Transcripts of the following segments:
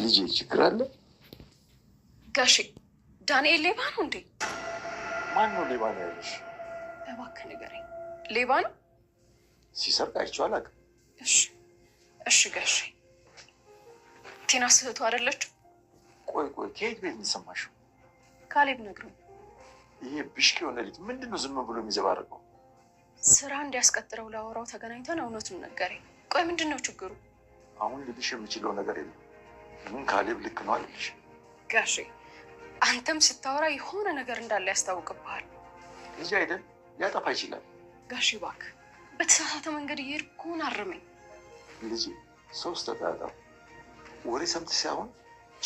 ልጄ ችግር አለ ጋሼ። ዳንኤል ሌባ ነው እንዴ? ማን ነው ሌባ ነው ያለሽ? እባክህ ንገረኝ። ሌባ ነው ሲሰርቅ አይቼው አላውቅም። እሺ እሺ ጋሼ። ቴና ስህቱ አይደለችም። ቆይ ቆይ፣ ከየት ቤት ነው ካሌብ ነግሮኝ። ይሄ ብሽቅ የሆነ ልጅ ምንድን ነው ዝም ብሎ የሚዘባርቀው? ስራ እንዲያስቀጥረው ላወራው ተገናኝተን እውነቱን ነገረኝ። ቆይ ምንድን ነው ችግሩ? አሁን ልልሽ የምችለው ነገር የለም። ምን ካሌብ ልክ ነው አልልሽ። ጋሼ አንተም ስታወራ የሆነ ነገር እንዳለ ያስታውቅብሃል። ልጅ አይደል ሊያጠፋ ይችላል። ጋሼ ባክ በተሳሳተ መንገድ እየሄድኩን አርመኝ። ልጅ ሶስት ተጣጣ ወሬ ሰምት ሳይሆን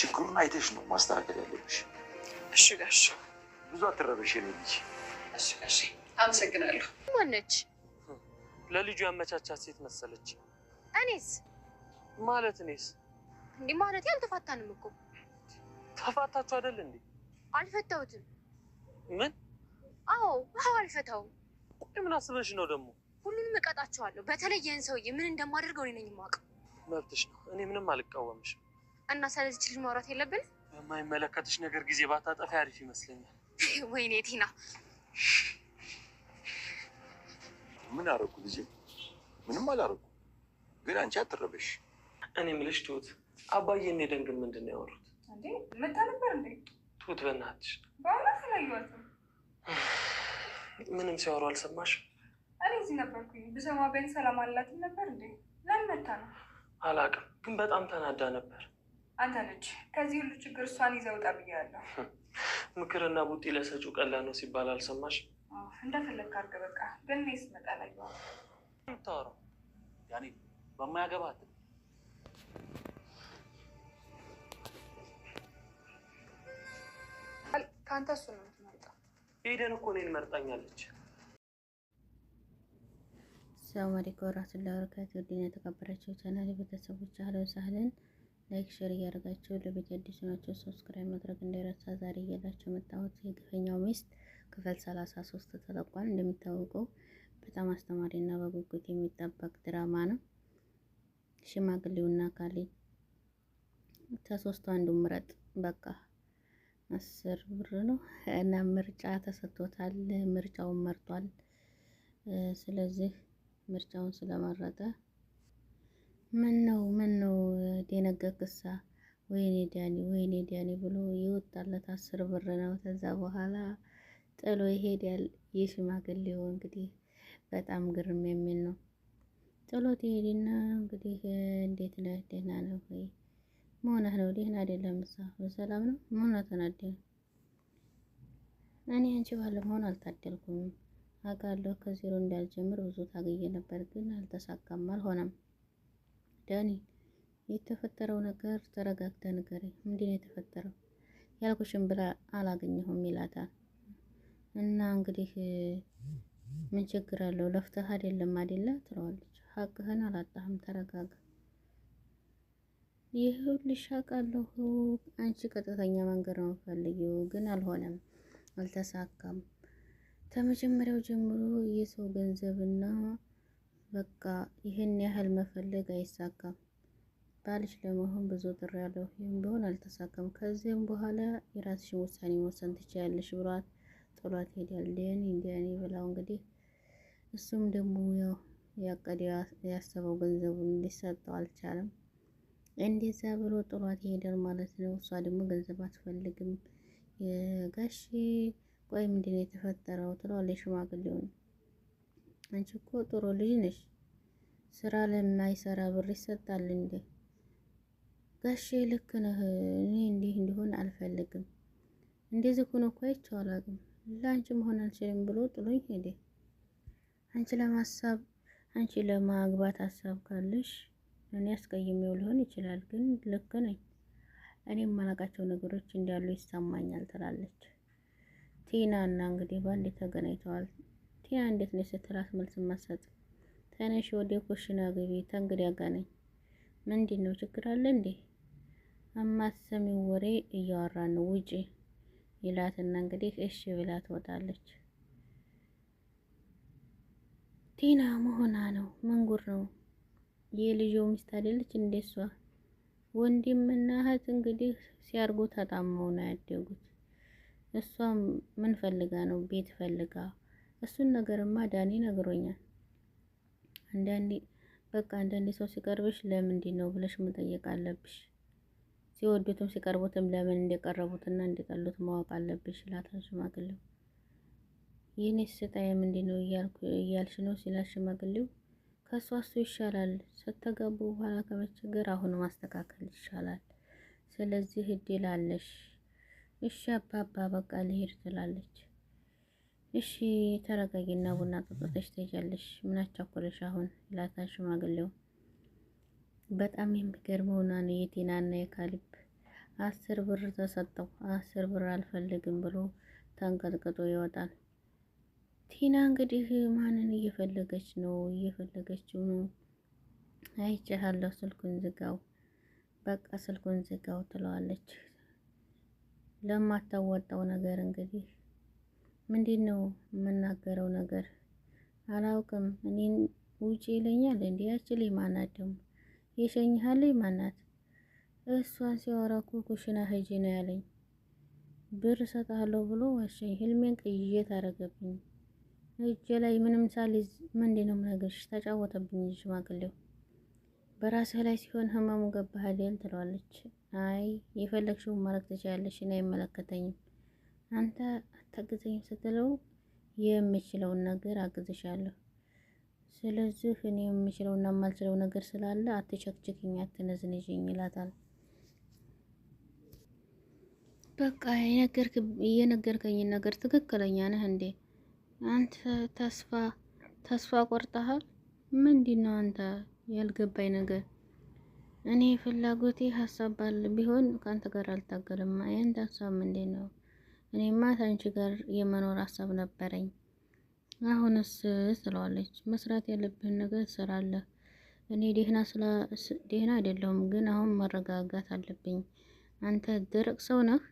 ችግሩን አይተሽ ነው ማስተካከል ያለብሽ። እሺ ብዙ አትረበሽ ልጅ። እሺ አመሰግናለሁ። ማነች? ለልጁ ያመቻቻት ሴት መሰለች። እኔስ ማለት እኔስ እንዲህ ማለት አልተፋታንም እኮ ተፋታችሁ አይደል እንዴ? አልፈታሁትም። ምን? አዎ፣ አዎ አልፈታሁም። ቆይ ምን አስበሽ ነው ደግሞ? ሁሉንም እቀጣቸዋለሁ። በተለይ ይህን ሰውዬ ምን እንደማደርገው እኔ ነኝ የማውቀው። መብትሽ ነው፣ እኔ ምንም አልቃወምሽም። እና ስለዚች ልጅ ማውራት የለብን። በማይመለከትሽ ነገር ጊዜ ባታጠፊ አሪፍ ይመስለኛል። ወይኔ ቲና ምን አደረኩ ጊዜ ምንም አላደረኩ። ግን አንቺ አትረበሽ። እኔ የምልሽ ትሁት፣ አባዬ እኔ ደንግ ምንድን ነው ያወሩት? መጣ ነበር እንዴ? ትሁት በእናትሽ በእውነት አላየኋትም። ምንም ሲያወሩ አልሰማሽ? እኔ እዚህ ነበርኩኝ። ብሰማ ቤን ሰላም አላትም ነበር እንዴ? ለምን መታ ነው አላውቅም፣ ግን በጣም ተናዳ ነበር። አንተ ነች ከዚህ ሁሉ ችግር እሷን ይዘውጣ ብያለሁ። ምክርና ቡጢ ለሰጪው ቀላል ነው ሲባል አልሰማሽም? እንደፈለግ አድርገ በቃ ግን እኔ ስመጣ ላይ በማያገባት ከአንተ እሱ ነው የምትመርጠው። ሄደን እኮ እኔን መርጣኛለች። ሰላም አለይኩም ወራህመቱላሂ ወበረካቱ። ውድና የተከበራችሁ ቻናል ቤተሰቦች አህለን ወሰህለን። ላይክ ሼር እያደረጋችሁ ለቤት አዲስ ናቸው ሰብስክራይብ ማድረግ እንዳይረሳ። ዛሬ እያላችሁ መጣሁት የግፈኛው ሚስት ክፍል 33 ተለቋል። እንደሚታወቀው በጣም አስተማሪ እና በጉጉት የሚጠበቅ ድራማ ነው። ሽማግሌውና ካሌ ከሶስቱ አንዱ ምረጥ በቃ አስር ብር ነው እና ምርጫ ተሰጥቶታል። ምርጫውን መርጧል። ስለዚህ ምርጫውን ስለመረጠ ምን ነው ምን ነው ደነገክሳ ወይኔ ዳኒ ወይኔ ዳኒ ብሎ ይወጣለት አስር ብር ነው። ከዛ በኋላ ጥሎ ይሄዳል። የሽማግሌው እንግዲህ በጣም ግርም የሚል ነው። ጥሎት ይሄድና እንግዲህ እንዴት ነህ? ደህና ነው ወይ? መሆንህ ነው ደህና አይደለም? እሷ በሰላም ነው መሆኗ ተናደደ። እኔ አንቺ ባለ መሆን አልታደልኩም አውቃለሁ። ከዜሮ እንዳልጀምር ብዙ ታግዬ ነበር፣ ግን አልተሳካም፣ አልሆነም። ዳኒ የተፈጠረው ነገር ተረጋግተ ንገሪ። ምንድን ነው የተፈጠረው? ያልኩሽም ብላ አላገኘሁም ይላታል። እና እንግዲህ ምን ችግር አለው? ለፍተህ አይደለም አይደለ? ትለዋለች። ሀቅህን አላጣህም፣ ተረጋጋ። ይኸውልሽ አውቃለሁ፣ አንቺ ቀጥተኛ መንገድ ነው ፈልጊው፣ ግን አልሆነም፣ አልተሳካም። ከመጀመሪያው ጀምሮ የሰው ገንዘብና በቃ ይህን ያህል መፈለግ አይሳካም። ባልሽ ለመሆን ብዙ ያለው ይህም ቢሆን አልተሳካም። ከዚህም በኋላ የራስሽን ውሳኔ መወሰን ትችያለሽ ብሏት ጥሏት ሄዳል። ደህን እንዲያኔ ብላው እንግዲህ እሱም ደግሞ ያው ያቀደ ያሰበው ገንዘቡን ሊሰጠው አልቻለም። እንደዛ ብሎ ጥሏት ይሄዳል ማለት ነው። እሷ ደግሞ ገንዘብ አትፈልግም። ጋሺ ቆይ ምንድን ነው የተፈጠረው ትለዋለች። ሽማግሌውን አንቺ እኮ ጥሩ ልጅ ነሽ፣ ስራ ለማይሰራ ብር ይሰጣል እንዴ? ጋሺ ልክ ነህ። እኔ እንዲህ እንዲሆን አልፈልግም። እንደዚህ ሆኖ እኮ አይቼው አላውቅም። ለአንቺ መሆን አልችልም ብሎ ጥሎኝ ሄደ። አንቺ ለማሳብ አንቺ ለማግባት ሀሳብ ካለሽ እኔ አስቀይሜው ሊሆን ይችላል፣ ግን ልክ ነኝ። እኔ የማላቃቸው ነገሮች እንዳሉ ይሰማኛል ትላለች ቲና እና እንግዲህ ባንዴ ተገናኝተዋል። ቲና እንዴት ነች ስትላት መልስ ማሰጥ ተነሽ ወደ ኩሽና ግቢ ተንግዲያ ጋ ነኝ። ምንድን ነው ችግር አለ እንዴ? አማሰሚ ወሬ እያወራን ነው ውጪ ይላትና እንግዲህ እሺ ብላ ትወጣለች። ቲና መሆና ነው መንጉር ነው የልጆ ሚስት አይደለች እንደሷ ወንድምና እህት እንግዲህ ሲያርጉ ተጣመው ነው ያደጉት። እሷም ምን ፈልጋ ነው ቤት ፈልጋ። እሱን ነገርማ ዳኒ ነግሮኛል። አንዳንዴ በቃ አንዳንዴ ሰው ሲቀርብሽ ለምንድን ነው ብለሽ መጠየቅ አለብሽ። ሲወዱትም ሲቀርቡትም ለምን እንደቀረቡትና እንደጠሉት ማወቅ አለብሽ ይላታል ሽማግሌው። ይህኔ ስጣዬ ምንድ ነው እያልሽ ነው ሲላል ሽማግሌው ከእሷ እሱ ይሻላል። ስተገቡ በኋላ ከመቸገር አሁን ማስተካከል ይሻላል። ስለዚህ እድል አለሽ። እሺ አባባ በቃ ልሄድ ትላለች። እሺ ተረጋጊና ቡና ጠጥተሽ ትሄጃለሽ። ምን አቻኮለሽ አሁን ይላታል ሽማግሌው። በጣም የሚገርመው ነው የቲናና የካሊብ አስር ብር ተሰጠው። አስር ብር አልፈልግም ብሎ ተንቀጥቅጦ ይወጣል። ቲና እንግዲህ ማንን እየፈለገች ነው? እየፈለገችው ነው። አይቼሃለሁ፣ ስልኩን ዝጋው፣ በቃ ስልኩን ዝጋው ትለዋለች። ለማታወጣው ነገር እንግዲህ ምንድን ነው የምናገረው ነገር አላውቅም። እኔን ውጪ ይለኛል እንዲህ ያችል ማናት የሸኝሃል ማናት? እሷን ሲያወራኩ ኩሽና ሂጂ ነው ያለኝ። ብር ሰጣለሁ ብሎ ዋሸኝ። ህልሜን ቅይት አረገብኝ። እጄ ላይ ምንም ሳልይዝ ምንድን ነው የምነግርሽ? ተጫወተብኝ ሽማግሌው። በራስህ ላይ ሲሆን ህመሙ ገባሃል ትለዋለች። አይ የፈለግሽውን ማድረግ ትችያለሽ፣ እኔ አይመለከተኝም። አንተ አታግዘኝም ስትለው የምችለውን ነገር አግዝሻለሁ ስለዚህ እኔ እና የማልችለው ነገር ስላለ አትቸክቸክ አትነዝንዥኝ ይላታል። በቃ የነገርከኝን ነገር ትክክለኛ ነህ እንዴ? አንተ ተስፋ ተስፋ ቆርጠሃል? ምንድን ነው አንተ ያልገባኝ ነገር? እኔ ፍላጎቴ ሀሳብ ባል ቢሆን ከአንተ ጋር አልታገልም። አንድ ሀሳብ ምንድን ነው? እኔማ ታንቺ ጋር የመኖር ሀሳብ ነበረኝ። አሁንስ ትለዋለች። መስራት ያለብህን ነገር ትሰራለህ። እኔ ደህና ስለ ደህና አይደለሁም፣ ግን አሁን መረጋጋት አለብኝ። አንተ ደረቅ ሰው ነህ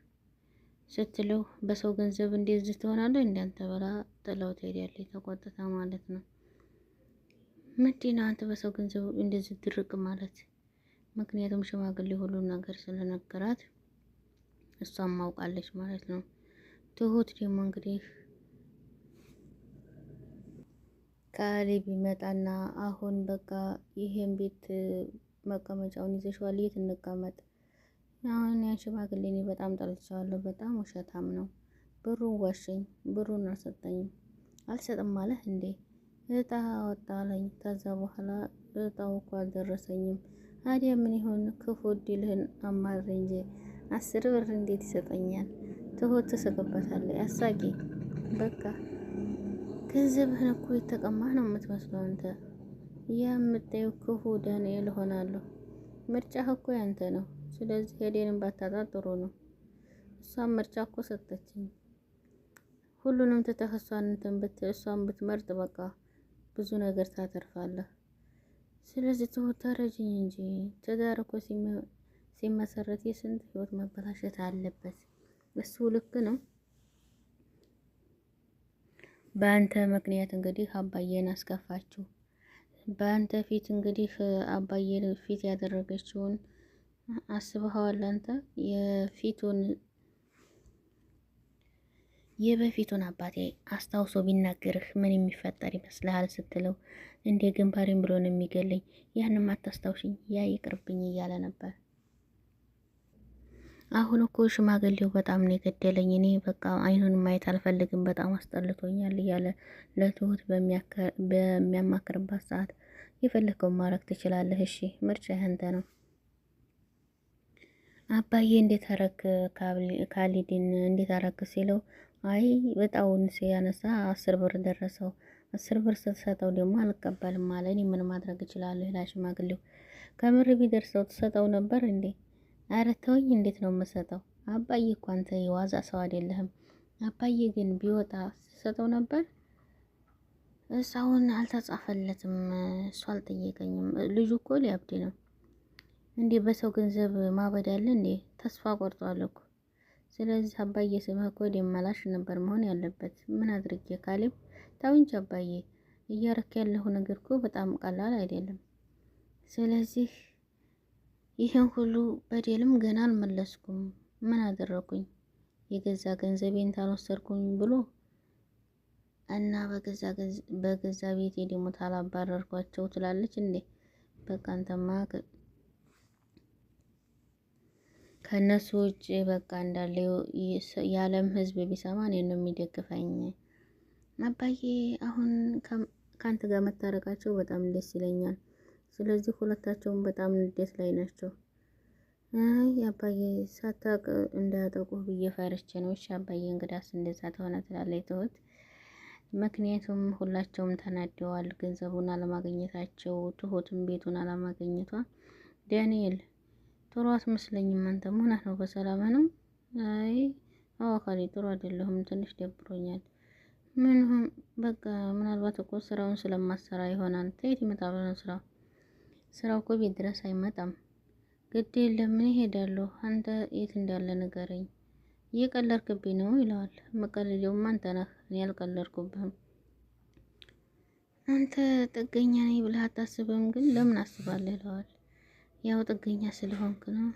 ስትለው በሰው ገንዘብ እንደዚህ ትሆናለህ እንዳንተ ብላ ጥለው ትሄዳለች፣ ተቆጥታ ማለት ነው። ምንድን አንተ በሰው ገንዘብ እንደዚህ ድርቅ ማለት? ምክንያቱም ሽማግሌ ሁሉን ነገር ስለነገራት እሷም ማውቃለች ማለት ነው። ትሁት ደግሞ እንግዲህ ከአሊ ቢመጣና አሁን በቃ ይሄን ቤት መቀመጫውን ይዘሽዋል፣ የት እንቀመጥ? አሁን ያን ሽማግሌ እኔ በጣም ጠልቻለሁ። በጣም ውሸታም ነው። ብሩን ዋሸኝ፣ ብሩን አልሰጠኝም። አልሰጥም አለህ እንዴ? እጣ ወጣ አለኝ። ከዛ በኋላ እጣው እኮ አልደረሰኝም። አዲያ ምን ይሆን? ክፉ እድልህን አማር እንጂ አስር ብር እንዴት ይሰጠኛል? ትሁት ትስቅበታለች። አሳቂ በቃ ገንዘብህን እኮ የተቀማህ ነው የምትመስለው አንተ። የምታየው ክፉ ዳንኤል ሆናለሁ። ምርጫህ እኮ ያንተ ነው። ስለዚህ ሄደንም ባታጣ ጥሩ ነው። እሷን ምርጫ እኮ ሰጠችኝ። ሁሉንም ትተህ እሷን እንትን ብት እሷን ብትመርጥ በቃ ብዙ ነገር ታተርፋለህ። ስለዚህ ትሁት ተረጅኝ እንጂ ትዳር እኮ ሲመሰረት የስንት ህይወት መበላሸት አለበት። እሱ ልክ ነው። በአንተ ምክንያት እንግዲህ አባዬን አስከፋችሁ። በአንተ ፊት እንግዲህ አባዬን ፊት ያደረገችውን አስበኸዋል? አንተ የፊቱን የበፊቱን አባቴ አስታውሶ ቢናገርህ ምን የሚፈጠር ይመስልሃል? ስትለው እንዴ ግንባሬን ብሎ ነው የሚገለኝ፣ ያንም አታስታውሽኝ፣ ያ ይቅርብኝ እያለ ነበር። አሁን እኮ ሽማግሌው በጣም ነው የገደለኝ፣ እኔ በቃ አይኑን ማየት አልፈልግም፣ በጣም አስጠልቶኛል እያለ ለትሁት በሚያማክርባት ሰዓት የፈለግከውን ማድረግ ትችላለህ፣ እሺ ምርጫ ያንተ ነው። አባዬ እንዴት አረግ ካሊድን እንዴት አረግ ሲለው አይ በጣውን ሲያነሳ አስር ብር ደረሰው። አስር ብር ስትሰጠው ደግሞ አልቀበልም አለ። እኔ ምን ማድረግ እችላለሁ ይላል ሽማግሌው። ከምር ቢደርሰው ትሰጠው ነበር እንዴ? አረ ተወኝ፣ እንዴት ነው የምሰጠው? አባዬ እኮ አንተ የዋዛ ሰው አይደለህም። አባዬ ግን ቢወጣ ሰጠው ነበር። እሳውን አልተጻፈለትም። እሱ አልጠየቀኝም። ልጁ እኮ ሊያብድ ነው እንዴ? በሰው ገንዘብ ማበድ አለ እንዴ? ተስፋ ቆርጧል እኮ። ስለዚህ አባዬ ስምህ እኮ ደመላሽ ነበር መሆን ያለበት። ምን አድርጌ ካሌብ፣ ታውንች አባዬ፣ እያረክ ያለሁ ነገር እኮ በጣም ቀላል አይደለም። ስለዚህ ይህን ሁሉ በደልም ገና አልመለስኩም፣ ምን አደረኩኝ? የገዛ ገንዘቤን ታልወሰድኩኝ ብሎ እና በገዛ ቤቴ ደግሞ ታላባረርኳቸው ትላለች እንዴ? በቃ አንተማ ከእነሱ ውጭ በቃ እንዳለ የዓለም ሕዝብ ቢሰማ እኔን ነው የሚደግፈኝ። አባዬ አሁን ከአንተ ጋር መታረቃቸው በጣም ደስ ይለኛል። ስለዚህ ሁለታቸውም በጣም ንዴት ላይ ናቸው። አይ አባዬ ሳታቅ እንዳያጠቁ ብዬ ፈርቼ ነው። እሺ አባዬ እንግዳስ እንደዛ ተሆነ ትላለች ትሁት። ምክንያቱም ሁላቸውም ተናደዋል፣ ገንዘቡን አለማግኘታቸው፣ ትሁትም ቤቱን አለማግኘቷ። ዳንኤል ጥሩ አትመስለኝም፣ አንተ መሆናት ነው በሰላም ነው? አይ አዋካሌ ጥሩ አይደለሁም፣ ትንሽ ደብሮኛል። ምንም በቃ ምናልባት እኮ ስራውን ስለማሰራ ይሆናል። ተየት ይመጣ ስራው ስራው እኮ ቤት ድረስ አይመጣም። ግድ የለም ምን እሄዳለሁ፣ አንተ የት እንዳለ ንገረኝ። እየቀለድክብኝ ነው ይለዋል። መቀለዴውም አንተ ነህ፣ እኔ አልቀለድኩብህም። አንተ ጥገኛ ነኝ ብለህ አታስብም፣ ግን ለምን አስባለህ ይለዋል። ያው ጥገኛ ስለሆንክ ነው።